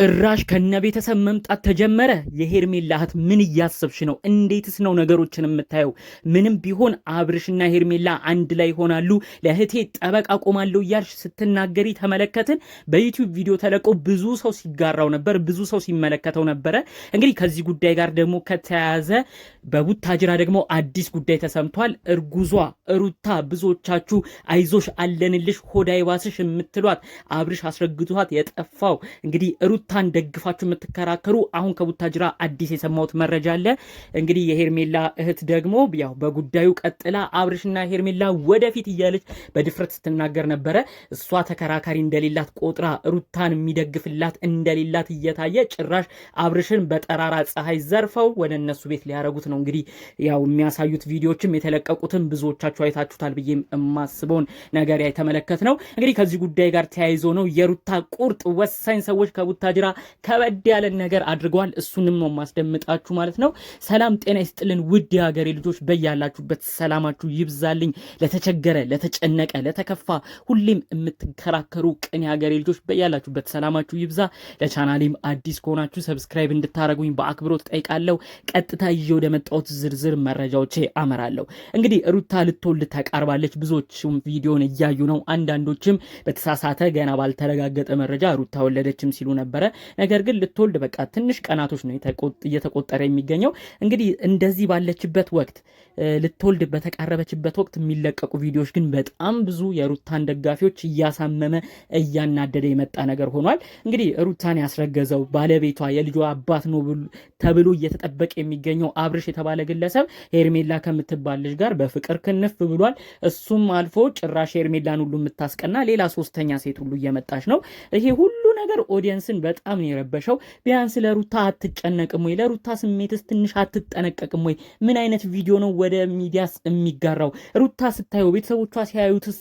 ጭራሽ ከነ ቤተሰብ መምጣት ተጀመረ። የሄርሜላ እህት ምን እያሰብሽ ነው? እንዴትስ ነው ነገሮችን የምታየው? ምንም ቢሆን አብርሽና ሄርሜላ አንድ ላይ ይሆናሉ፣ ለእህቴ ጠበቃ ቆማለሁ እያልሽ ስትናገሪ ተመለከትን። በዩቲዩብ ቪዲዮ ተለቆ ብዙ ሰው ሲጋራው ነበር፣ ብዙ ሰው ሲመለከተው ነበረ። እንግዲህ ከዚህ ጉዳይ ጋር ደግሞ ከተያያዘ በቡታጅራ ደግሞ አዲስ ጉዳይ ተሰምቷል። እርጉዟ ሩታ ብዙዎቻችሁ አይዞሽ አለንልሽ ሆዳይባስሽ የምትሏት አብርሽ አስረግቷት የጠፋው እንግዲህ ሩታ ሩታን ደግፋችሁ የምትከራከሩ አሁን ከቡታጅራ አዲስ የሰማሁት መረጃ አለ። እንግዲህ የሄርሜላ እህት ደግሞ ያው በጉዳዩ ቀጥላ አብርሽና ሄርሜላ ወደፊት እያለች በድፍረት ስትናገር ነበረ። እሷ ተከራካሪ እንደሌላት ቆጥራ ሩታን የሚደግፍላት እንደሌላት እየታየ ጭራሽ አብርሽን በጠራራ ፀሐይ ዘርፈው ወደ እነሱ ቤት ሊያረጉት ነው። እንግዲህ ያው የሚያሳዩት ቪዲዮችም የተለቀቁትን ብዙዎቻችሁ አይታችሁታል ብዬም የማስበውን ነገር የተመለከት ነው። እንግዲህ ከዚህ ጉዳይ ጋር ተያይዞ ነው የሩታ ቁርጥ ወሳኝ ሰዎች ከቡታ ቡታጅራ ከበድ ያለን ነገር አድርገዋል። እሱንም ነው ማስደምጣችሁ ማለት ነው። ሰላም ጤና ይስጥልን ውድ የሀገሬ ልጆች፣ በያላችሁበት ሰላማችሁ ይብዛልኝ። ለተቸገረ፣ ለተጨነቀ፣ ለተከፋ ሁሌም የምትከራከሩ ቅን የሀገሬ ልጆች በያላችሁበት ሰላማችሁ ይብዛ። ለቻናሌም አዲስ ከሆናችሁ ሰብስክራይብ እንድታደረጉኝ በአክብሮት ጠይቃለሁ። ቀጥታ ይዤ ወደ መጣሁት ዝርዝር መረጃዎቼ አመራለሁ። እንግዲህ ሩታ ልትወልድ ተቃርባለች። ብዙዎችም ቪዲዮን እያዩ ነው። አንዳንዶችም በተሳሳተ ገና ባልተረጋገጠ መረጃ ሩታ ወለደችም ሲሉ ነበረ። ነገር ግን ልትወልድ በቃ ትንሽ ቀናቶች ነው እየተቆጠረ የሚገኘው። እንግዲህ እንደዚህ ባለችበት ወቅት ልትወልድ በተቃረበችበት ወቅት የሚለቀቁ ቪዲዮዎች ግን በጣም ብዙ የሩታን ደጋፊዎች እያሳመመ እያናደደ የመጣ ነገር ሆኗል። እንግዲህ ሩታን ያስረገዘው ባለቤቷ የልጇ አባት ነው ተብሎ እየተጠበቀ የሚገኘው አብርሽ የተባለ ግለሰብ ሄርሜላ ከምትባል ልጅ ጋር በፍቅር ክንፍ ብሏል። እሱም አልፎ ጭራሽ ሄርሜላን ሁሉ የምታስቀና ሌላ ሶስተኛ ሴት ሁሉ እየመጣች ነው። ይሄ ሁሉ ነገር ኦዲየንስን በጣም ነው የረበሸው። ቢያንስ ለሩታ አትጨነቅም ወይ? ለሩታ ስሜትስ ትንሽ አትጠነቀቅም ወይ? ምን አይነት ቪዲዮ ነው ወደ ሚዲያስ የሚጋራው? ሩታ ስታየው ቤተሰቦቿ ሲያዩትስ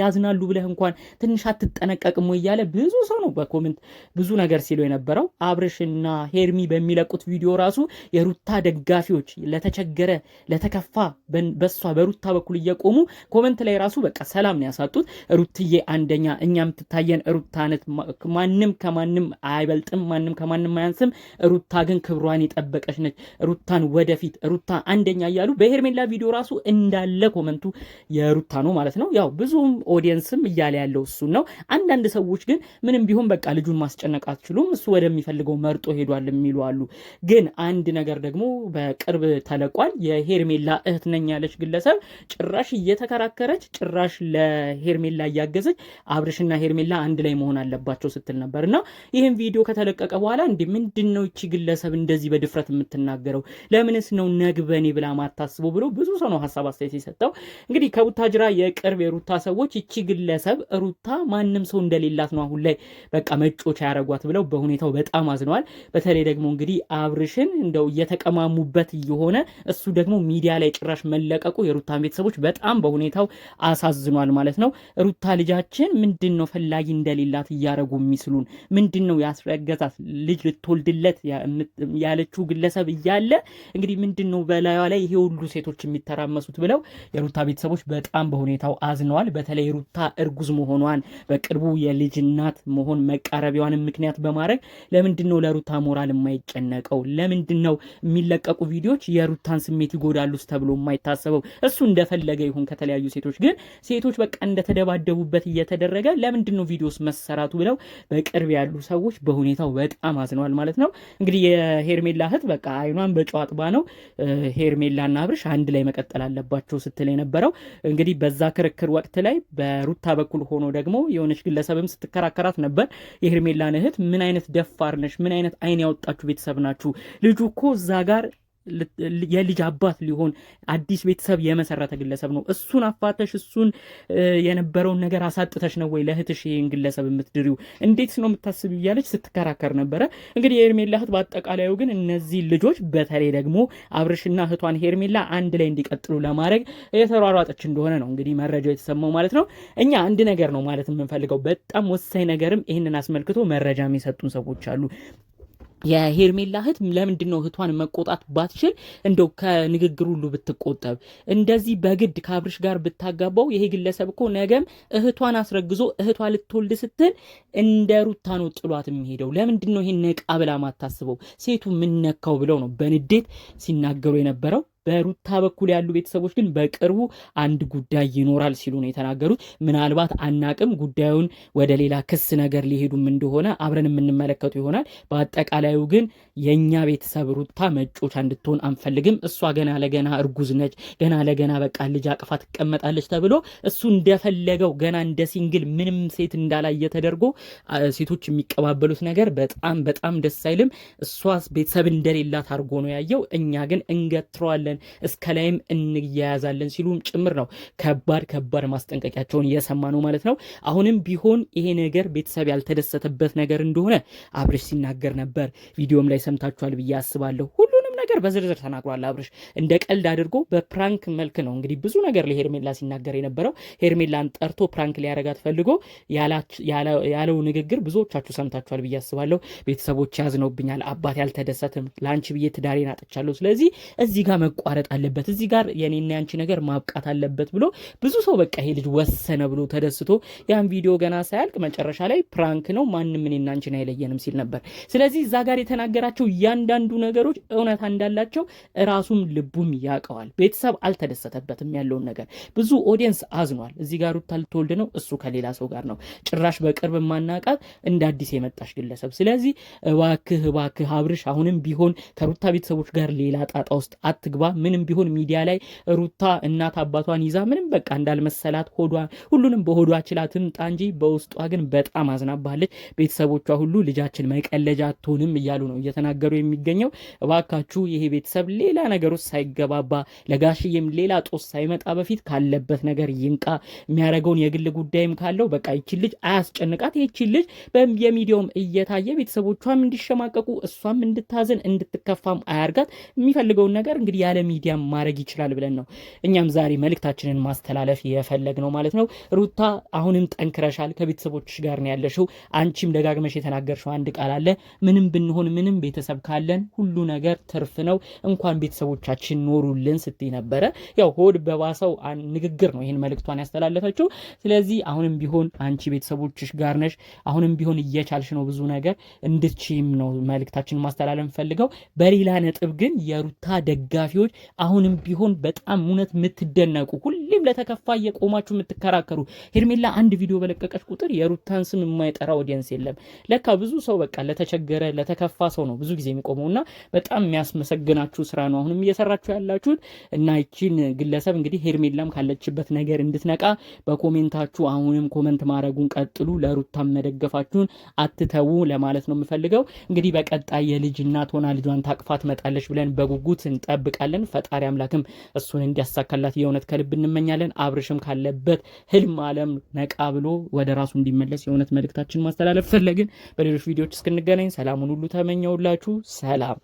ያዝናሉ ብለህ እንኳን ትንሽ አትጠነቀቅም ወይ እያለ ብዙ ሰው ነው በኮመንት ብዙ ነገር ሲለው የነበረው። አብርሽና ሄርሚ በሚለቁት ቪዲዮ ራሱ የሩታ ደጋፊዎች ለተቸገረ ለተከፋ በሷ በሩታ በኩል እየቆሙ ኮመንት ላይ ራሱ በቃ ሰላም ነው ያሳጡት። ሩትዬ አንደኛ፣ እኛም ትታየን ሩታነት ማን ማንም ከማንም አይበልጥም፣ ማንም ከማንም አያንስም። ሩታ ግን ክብሯን የጠበቀች ነች። ሩታን ወደፊት ሩታ አንደኛ እያሉ በሄርሜላ ቪዲዮ ራሱ እንዳለ ኮመንቱ የሩታ ነው ማለት ነው። ያው ብዙም ኦዲየንስም እያለ ያለው እሱን ነው። አንዳንድ ሰዎች ግን ምንም ቢሆን በቃ ልጁን ማስጨነቅ አትችሉም፣ እሱ ወደሚፈልገው መርጦ ሄዷል የሚሉ አሉ። ግን አንድ ነገር ደግሞ በቅርብ ተለቋል። የሄርሜላ እህት ነኝ ያለች ግለሰብ ጭራሽ እየተከራከረች ጭራሽ ለሄርሜላ እያገዘች አብርሽና ሄርሜላ አንድ ላይ መሆን አለባቸው ስትል ነበር እና ይህን ቪዲዮ ከተለቀቀ በኋላ እንዲ ምንድን ነው ይቺ ግለሰብ እንደዚህ በድፍረት የምትናገረው ለምንስ ነው ነግበኔ ብላ ማታስቡ ብሎ ብዙ ሰው ነው ሀሳብ አስተያየት የሰጠው። እንግዲህ ከቡታጅራ የቅርብ የሩታ ሰዎች ይቺ ግለሰብ ሩታ ማንም ሰው እንደሌላት ነው አሁን ላይ በቃ መጮች ያደረጓት ብለው በሁኔታው በጣም አዝነዋል። በተለይ ደግሞ እንግዲህ አብርሽን እንደው እየተቀማሙበት እየሆነ እሱ ደግሞ ሚዲያ ላይ ጭራሽ መለቀቁ የሩታን ቤተሰቦች በጣም በሁኔታው አሳዝኗል ማለት ነው። ሩታ ልጃችን ምንድን ነው ፈላጊ እንደሌላት እያደረጉ የሚስሉ ሲሉን ምንድን ነው ያስረገዛት ልጅ ልትወልድለት ያለችው ግለሰብ እያለ እንግዲህ ምንድን ነው በላዩ ላይ ይሄ ሁሉ ሴቶች የሚተራመሱት ብለው የሩታ ቤተሰቦች በጣም በሁኔታው አዝነዋል። በተለይ ሩታ እርጉዝ መሆኗን በቅርቡ የልጅ እናት መሆን መቃረቢዋን ምክንያት በማድረግ ለምንድን ነው ለሩታ ሞራል የማይጨነቀው? ለምንድን ነው የሚለቀቁ ቪዲዮዎች የሩታን ስሜት ይጎዳሉስ ተብሎ የማይታሰበው? እሱ እንደፈለገ ይሁን ከተለያዩ ሴቶች ግን ሴቶች በቃ እንደተደባደቡበት እየተደረገ ለምንድን ነው ቪዲዮስ መሰራቱ ብለው በ በቅርብ ያሉ ሰዎች በሁኔታው በጣም አዝነዋል ማለት ነው። እንግዲህ የሄርሜላ እህት በቃ አይኗን በጨው አጥባ ነው ሄርሜላና አብርሽ አንድ ላይ መቀጠል አለባቸው ስትል የነበረው እንግዲህ በዛ ክርክር ወቅት ላይ በሩታ በኩል ሆኖ ደግሞ የሆነች ግለሰብም ስትከራከራት ነበር። የሄርሜላን እህት ምን አይነት ደፋር ነሽ? ምን አይነት አይን ያወጣችሁ ቤተሰብ ናችሁ? ልጁ እኮ እዛ ጋር የልጅ አባት ሊሆን አዲስ ቤተሰብ የመሰረተ ግለሰብ ነው። እሱን አፋተሽ እሱን የነበረውን ነገር አሳጥተሽ ነው ወይ ለእህትሽ ይህን ግለሰብ የምትድሪው? እንዴት ነው የምታስብ? እያለች ስትከራከር ነበረ። እንግዲህ የሄርሜላ እህት በአጠቃላዩ ግን እነዚህ ልጆች በተለይ ደግሞ አብርሽና እህቷን ሄርሜላ አንድ ላይ እንዲቀጥሉ ለማድረግ የተሯሯጠች እንደሆነ ነው እንግዲህ መረጃው የተሰማው ማለት ነው። እኛ አንድ ነገር ነው ማለት የምንፈልገው በጣም ወሳኝ ነገርም ይህንን አስመልክቶ መረጃ የሚሰጡን ሰዎች አሉ። የሄርሜላ እህት ለምንድን ነው እህቷን መቆጣት ባትችል እንደው ከንግግር ሁሉ ብትቆጠብ? እንደዚህ በግድ ከአብርሽ ጋር ብታጋባው ይሄ ግለሰብ እኮ ነገም እህቷን አስረግዞ እህቷ ልትወልድ ስትል እንደ ሩታ ነው ጥሏት የሚሄደው። ለምንድን ነው ይሄን ነቃ ብላ ማታስበው? ሴቱ ምነካው ብለው ነው በንዴት ሲናገሩ የነበረው። በሩታ በኩል ያሉ ቤተሰቦች ግን በቅርቡ አንድ ጉዳይ ይኖራል ሲሉ ነው የተናገሩት። ምናልባት አናቅም፣ ጉዳዩን ወደ ሌላ ክስ ነገር ሊሄዱም እንደሆነ አብረን የምንመለከቱ ይሆናል። በአጠቃላዩ ግን የእኛ ቤተሰብ ሩታ መጮቻ እንድትሆን አንፈልግም። እሷ ገና ለገና እርጉዝ ነች፣ ገና ለገና በቃ ልጅ አቅፋ ትቀመጣለች ተብሎ እሱ እንደፈለገው ገና እንደ ሲንግል ምንም ሴት እንዳላየ ተደርጎ ሴቶች የሚቀባበሉት ነገር በጣም በጣም ደስ አይልም። እሷ ቤተሰብ እንደሌላት አድርጎ ነው ያየው። እኛ ግን እንገትረዋለን እስከ ላይም እንያያዛለን ሲሉም ጭምር ነው ከባድ ከባድ ማስጠንቀቂያቸውን እየሰማ ነው ማለት ነው። አሁንም ቢሆን ይሄ ነገር ቤተሰብ ያልተደሰተበት ነገር እንደሆነ አብርሽ ሲናገር ነበር። ቪዲዮም ላይ ሰምታችኋል ብዬ አስባለሁ ሁሉ ነገር በዝርዝር ተናግሯል። አብርሽ እንደ ቀልድ አድርጎ በፕራንክ መልክ ነው እንግዲህ ብዙ ነገር ለሄርሜላ ሲናገር የነበረው። ሄርሜላን ጠርቶ ፕራንክ ሊያረጋት ፈልጎ ያለው ንግግር ብዙዎቻችሁ ሰምታችኋል ብዬ አስባለሁ። ቤተሰቦች ያዝነውብኛል፣ አባት ያልተደሰትም፣ ለአንቺ ብዬ ትዳሬን አጥቻለሁ። ስለዚህ እዚህ ጋር መቋረጥ አለበት፣ እዚህ ጋር የኔና ያንቺ ነገር ማብቃት አለበት ብሎ ብዙ ሰው በቃ ይሄ ልጅ ወሰነ ብሎ ተደስቶ ያን ቪዲዮ ገና ሳያልቅ መጨረሻ ላይ ፕራንክ ነው ማንም እኔና አንቺን አይለየንም ሲል ነበር። ስለዚህ እዛ ጋር የተናገራቸው እያንዳንዱ ነገሮች እውነት እንዳላቸው ራሱም ልቡም ያውቀዋል። ቤተሰብ አልተደሰተበትም ያለውን ነገር ብዙ ኦዲየንስ አዝኗል። እዚህ ጋር ሩታ ልትወልድ ነው፣ እሱ ከሌላ ሰው ጋር ነው፣ ጭራሽ በቅርብ ማናቃት እንደ አዲስ የመጣሽ ግለሰብ። ስለዚህ እባክህ እባክህ አብርሽ አሁንም ቢሆን ከሩታ ቤተሰቦች ጋር ሌላ ጣጣ ውስጥ አትግባ። ምንም ቢሆን ሚዲያ ላይ ሩታ እናት አባቷን ይዛ ምንም በቃ እንዳልመሰላት ሆዷ ሁሉንም በሆዷ ችላ ትምጣ እንጂ በውስጧ ግን በጣም አዝናባለች። ቤተሰቦቿ ሁሉ ልጃችን መቀለጃ አትሆንም እያሉ ነው እየተናገሩ የሚገኘው። እባካችሁ ይሄ ቤተሰብ ሌላ ነገር ውስጥ ሳይገባባ ለጋሽዬም ሌላ ጦስ ሳይመጣ በፊት ካለበት ነገር ይንቃ። የሚያደርገውን የግል ጉዳይም ካለው በቃ ይችን ልጅ አያስጨንቃት። ይችን ልጅ የሚዲያውም እየታየ ቤተሰቦቿም እንዲሸማቀቁ እሷም እንድታዘን እንድትከፋም አያርጋት። የሚፈልገውን ነገር እንግዲህ ያለ ሚዲያም ማድረግ ይችላል ብለን ነው እኛም ዛሬ መልእክታችንን ማስተላለፍ የፈለግ ነው ማለት ነው። ሩታ አሁንም ጠንክረሻል፣ ከቤተሰቦች ጋር ነው ያለሽው። አንቺም ደጋግመሽ የተናገርሽው አንድ ቃል አለ፣ ምንም ብንሆን ምንም ቤተሰብ ካለን ሁሉ ነገር ትርፍ ተሸፍነው እንኳን ቤተሰቦቻችን ኖሩልን ስትይ ነበረ። ያው ሆድ በባሰው ንግግር ነው ይህን መልእክቷን ያስተላለፈችው። ስለዚህ አሁንም ቢሆን አንቺ ቤተሰቦችሽ ጋር ነሽ። አሁንም ቢሆን እየቻልሽ ነው ብዙ ነገር እንድችም ነው መልእክታችንን ማስተላለፍ ፈልገው። በሌላ ነጥብ ግን የሩታ ደጋፊዎች አሁንም ቢሆን በጣም እውነት የምትደነቁ ሁል ሁሌም ለተከፋ እየቆማችሁ የምትከራከሩ ሄርሜላ አንድ ቪዲዮ በለቀቀች ቁጥር የሩታን ስም የማይጠራ ኦዲየንስ የለም። ለካ ብዙ ሰው በቃ ለተቸገረ ለተከፋ ሰው ነው ብዙ ጊዜ የሚቆመውና በጣም የሚያስመሰግናችሁ ስራ ነው አሁንም እየሰራችሁ ያላችሁት እና ይቺን ግለሰብ እንግዲህ ሄርሜላም ካለችበት ነገር እንድትነቃ በኮሜንታችሁ አሁንም ኮመንት ማድረጉን ቀጥሉ። ለሩታን መደገፋችሁን አትተዉ ለማለት ነው የምፈልገው። እንግዲህ በቀጣይ የልጅ እናት ሆና ልጇን ታቅፋ ትመጣለች ብለን በጉጉት እንጠብቃለን። ፈጣሪ አምላክም እሱን እንዲያሳካላት የእውነት ከልብ እንመ እንመኛለን። አብርሽም ካለበት ህልም አለም ነቃ ብሎ ወደ ራሱ እንዲመለስ የእውነት መልእክታችን ማስተላለፍ ፈለግን። በሌሎች ቪዲዮዎች እስክንገናኝ ሰላሙን ሁሉ ተመኘውላችሁ። ሰላም